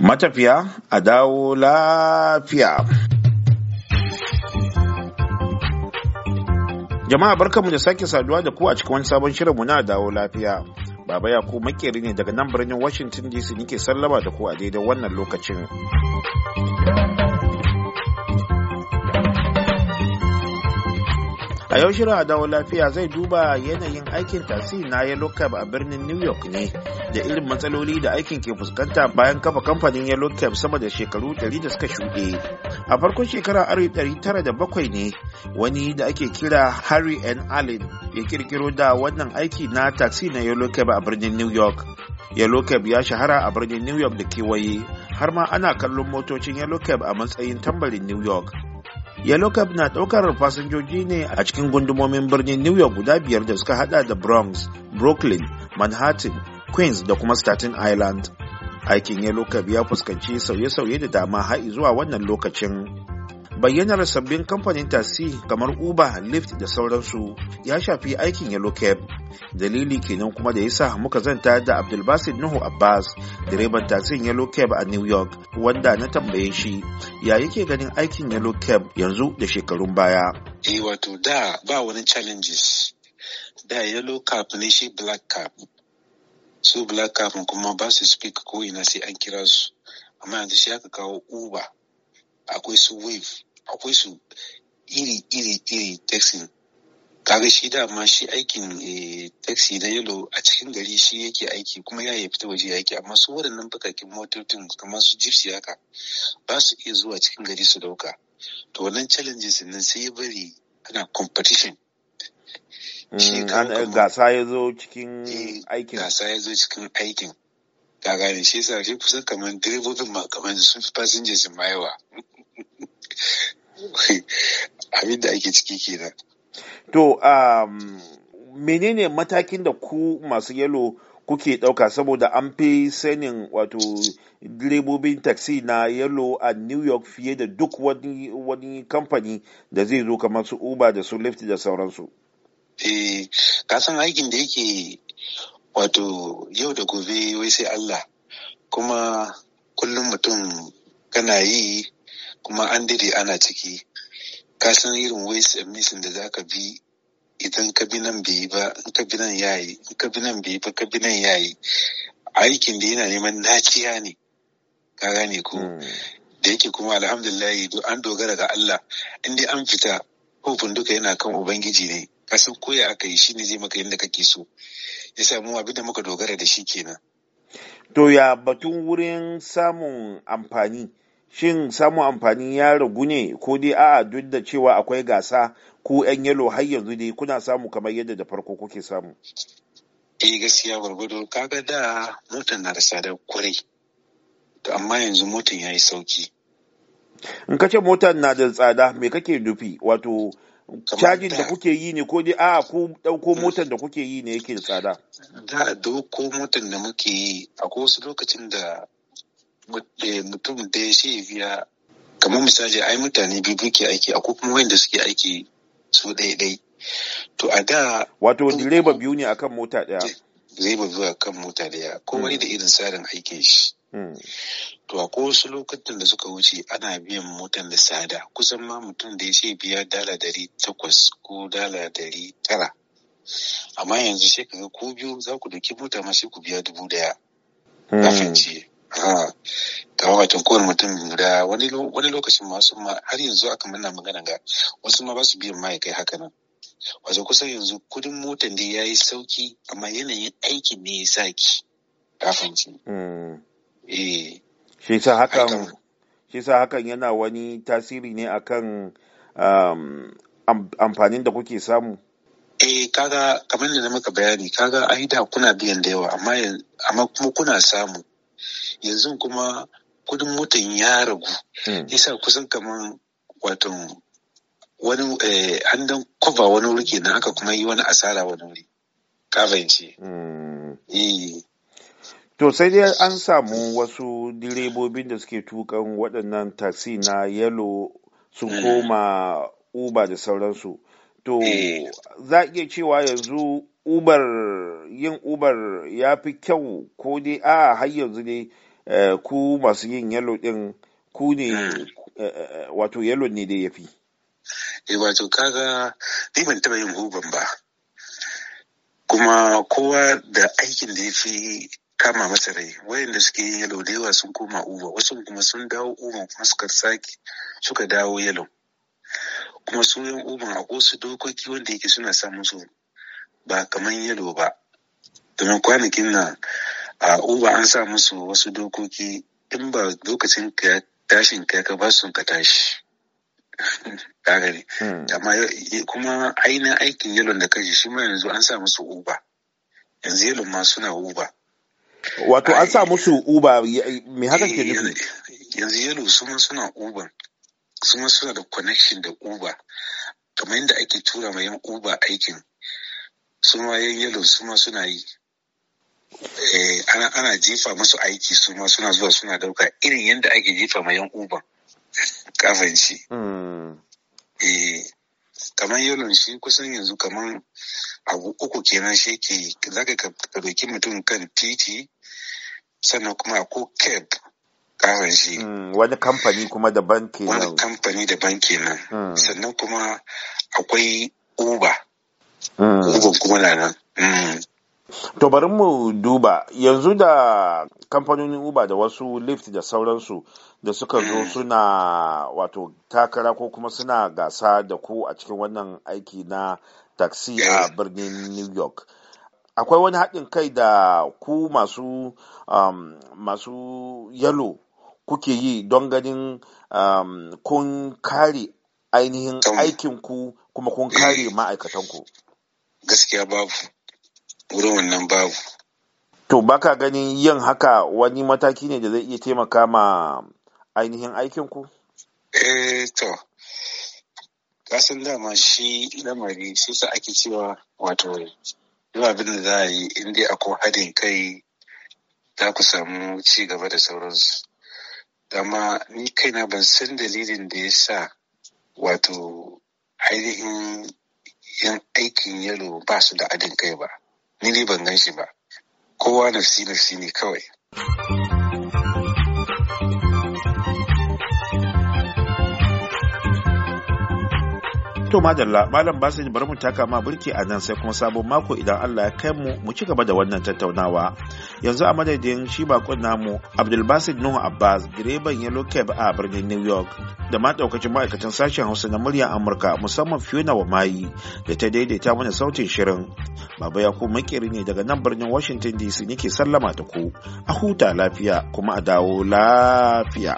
matafiya a dawo lafiya. Jama'a barkanmu da sake saduwa da ku a cikin wani sabon shirin mu na dawo lafiya. Baba ya ku makeri ne daga nan birnin Washington DC nike sallama da ku a daidai wannan lokacin. a yau shirin a lafiya zai duba yanayin aikin tasi na yellow cab a birnin new york ne da irin matsaloli da aikin ke fuskanta bayan kafa kamfanin yellow cab sama da shekaru 100 da suka shuɗe a farkon shekara 1907 ne wani da ake kira harry n allen ya kirkiro da wannan aiki na taxi na yellow cab a birnin new york yellow cab ya shahara a birnin new york da kewaye har ma ana kallon motocin yellow cab a matsayin tambarin new york yellow cab na ɗaukar fasinjoji ne a cikin gundumomin birnin new york guda biyar da suka hada da bronx brooklyn manhattan queens da kuma staten island aikin yellow cab ya fuskanci sauye-sauye da dama har zuwa wannan lokacin bayyanar sabbin kamfanin tasi kamar uber lyft da sauransu ya shafi aikin yellow cab dalili kenan kuma da yasa muka zanta da abdulbasir nuhu abbas direban tasin yellow cab a new york wanda na tambaye shi ya yake ganin aikin yellow cab yanzu da shekarun baya eh wato da ba wani challenges da yellow cab ne shi black cab su black cab kuma ba su speak ko ina sai an kira su amma yanzu shi aka kawo uber akwai su wave akwai su iri iri iri taxi kaga shi dama shi aikin eh, taxi na yalo a cikin gari shi yake aiki kuma ya fita waje ya aiki amma su waɗannan bakakin mototin kamar su gypsy haka ba su iya zuwa cikin gari su dauka to wannan challenges nan sai ya bari ana competition mm, eh, gasa ya zo cikin eh, aikin gasa ya zo cikin aikin ga gane shi sa shi kusan kamar direbobin ma kamar sun fi fasinja sun yawa abin da ake ciki kenan to um, menene matakin da ku masu yalo kuke ɗauka saboda an fi sanin wato direbobin taxi na yalo a new york fiye da duk wani, kamfani da zai zo kamar su uber da su lyft da sauransu eh kasan aikin da yake wato yau da gobe wai sai allah kuma kullum mutum kana yi kuma an dade ana ciki ka san irin ways and means da za ka bi idan ka bi nan bai yi ba in ka bi nan ya yi in ka bi nan bai yi ba ka bi nan ya yi aikin da yana neman naciya ne ka gane ko hmm. da yake kuma alhamdulillahi an dogara ga Allah in dai an fita hofin duka yana kan ubangiji ne ka san koya aka yi ne zai maka yadda kake so ya samu abin da muka dogara da shi kenan to ya batun wurin samun amfani shin samun amfani ya ragu ne ko dai a'a duk da cewa akwai gasa ko yan yalo har yanzu dai kuna samu kamar yadda da farko kuke samu eh gaskiya gwargwado kaga da mota na da sadar kwarai to amma yanzu motan ya yi sauki in ka ce motar na da tsada me kake nufi wato cajin da kuke yi ne ko dai a ku dauko motar da kuke yi ne yake da tsada da dauko motar da muke yi akwai wasu lokacin da Eh, mutum da ya shi biya kamar misali ai mutane biyu ke aiki akwai kuma wanda suke aiki su ɗaiɗai to a da wato direba biyu ne akan mota ɗaya direba biyu akan mota ɗaya wani da hmm. irin tsarin aikin shi hmm. to a wasu lokutan da suka wuce ana biyan motan da tsada kusan ma mutum da ya ce biya dala dari takwas ko dala dari tara amma yanzu sai ko biyu za ku dauki mota ma sai ku biya dubu daya na hmm. fahimci kamar wato kowane mutum guda wani lokacin masu ma har yanzu aka muna magana ga wasu ma ba su biyan ma'aikai haka nan wato kusan yanzu kudin motar da ya yi sauki amma yanayin aiki ne ya sa ki kafanci hmm. eh. shi sa hakan shi sa hakan yana wani tasiri ne akan um, amfanin da kuke samu eh kaga kamar da na maka bayani kaga ai da kuna biyan da yawa amma kuma kuna samu yanzu kuma kudin motan ya ragu hmm. isa kusan kamar wato wani handan eh, dan wani wuri na aka kuma yi wani asara wani wuri ka hmm. eh. to sai dai an samu wasu direbobin da suke tukan waɗannan taxi na yalo sun hmm. koma uber da sauransu to eh. za iya cewa yanzu uber yin uber ya fi kyau ko dai a har yanzu dai Eh, ku masu yin yalo din ku ne hmm. eh, eh, wato yalo ne da ya fi e wato kaga ni ban taba yin guban ba kuma kowa da aikin da ya fi kama masa rai wayanda suke yin yalo da yawa sun koma uba wasu kuma sun dawo uban kuma suka sake suka dawo yalo kuma su yin uban a kosu dokoki wanda yake suna samun su ba kamar yalo ba domin kwanakin nan a uber an sa musu wasu dokoki in ba lokacin ka tashin ka ka ba su ka tashi hmm. amma kuma ainihin aikin yalon da kai shi ma yanzu an sa musu uba yanzu yalon ma suna uba wato an sa musu uba me haka ke eh, nufi yanzu yalo su ma suna uba su ma suna da connection da uba kamar yadda ake tura ma yan uba aikin su ma yan yalo su ma suna yi eh, ana jefa musu aiki su ma suna zuwa suna dauka irin yadda ake jefa ma yan uber kafanci hmm. eh kamar yalon shi kusan yanzu kamar abu uku kenan shi ke zaka ka doki mutum kan titi sannan kuma ko keb kafin shi hmm, wani kamfani kuma daban kenan wani kamfani daban kenan hmm. sannan kuma akwai uber uber kuma na nan To bari mu duba yanzu da kamfanonin Uber da wasu Lyft da sauransu da suka zo suna wato takara ko kuma suna gasa da ku a cikin wannan aiki na taxi a birnin New York. Akwai wani haɗin kai da ku masu um, masu yalo kuke yi don ganin um, kun kare ainihin aikinku kuma kun kare eh. ma'aikatanku. Gaskiya babu. wurin wannan babu to baka ganin yin haka wani mataki ne da zai iya taimaka ma ainihin aikinku. ku eh to kasan dama shi lamari shi sa ake cewa wato yau abin da za a yi in dai akwai haɗin kai za ku samu ci gaba da sauransu dama ni kaina ban san dalilin da ya sa wato ainihin yan aikin yalo ba su da adin kai ba ni ne ban gan shi ba kowa nafsi nafsi ne kawai To madalla malam basin bar mu taka ma burki a nan sai kuma sabon mako idan Allah ya kai mu mu ci gaba da wannan tattaunawa. Yanzu a madadin shi bakon namu Abdul Basir Nuhu Abbas direban Yellow Cab a birnin New York da ma daukacin ma'aikatan sashen hausa na muryar amurka musamman fiona wa mayi da ta daidaita mana sautin shirin baba ya ku makeri ne daga nan birnin washington dc nake sallama ta ku a huta lafiya kuma a dawo lafiya.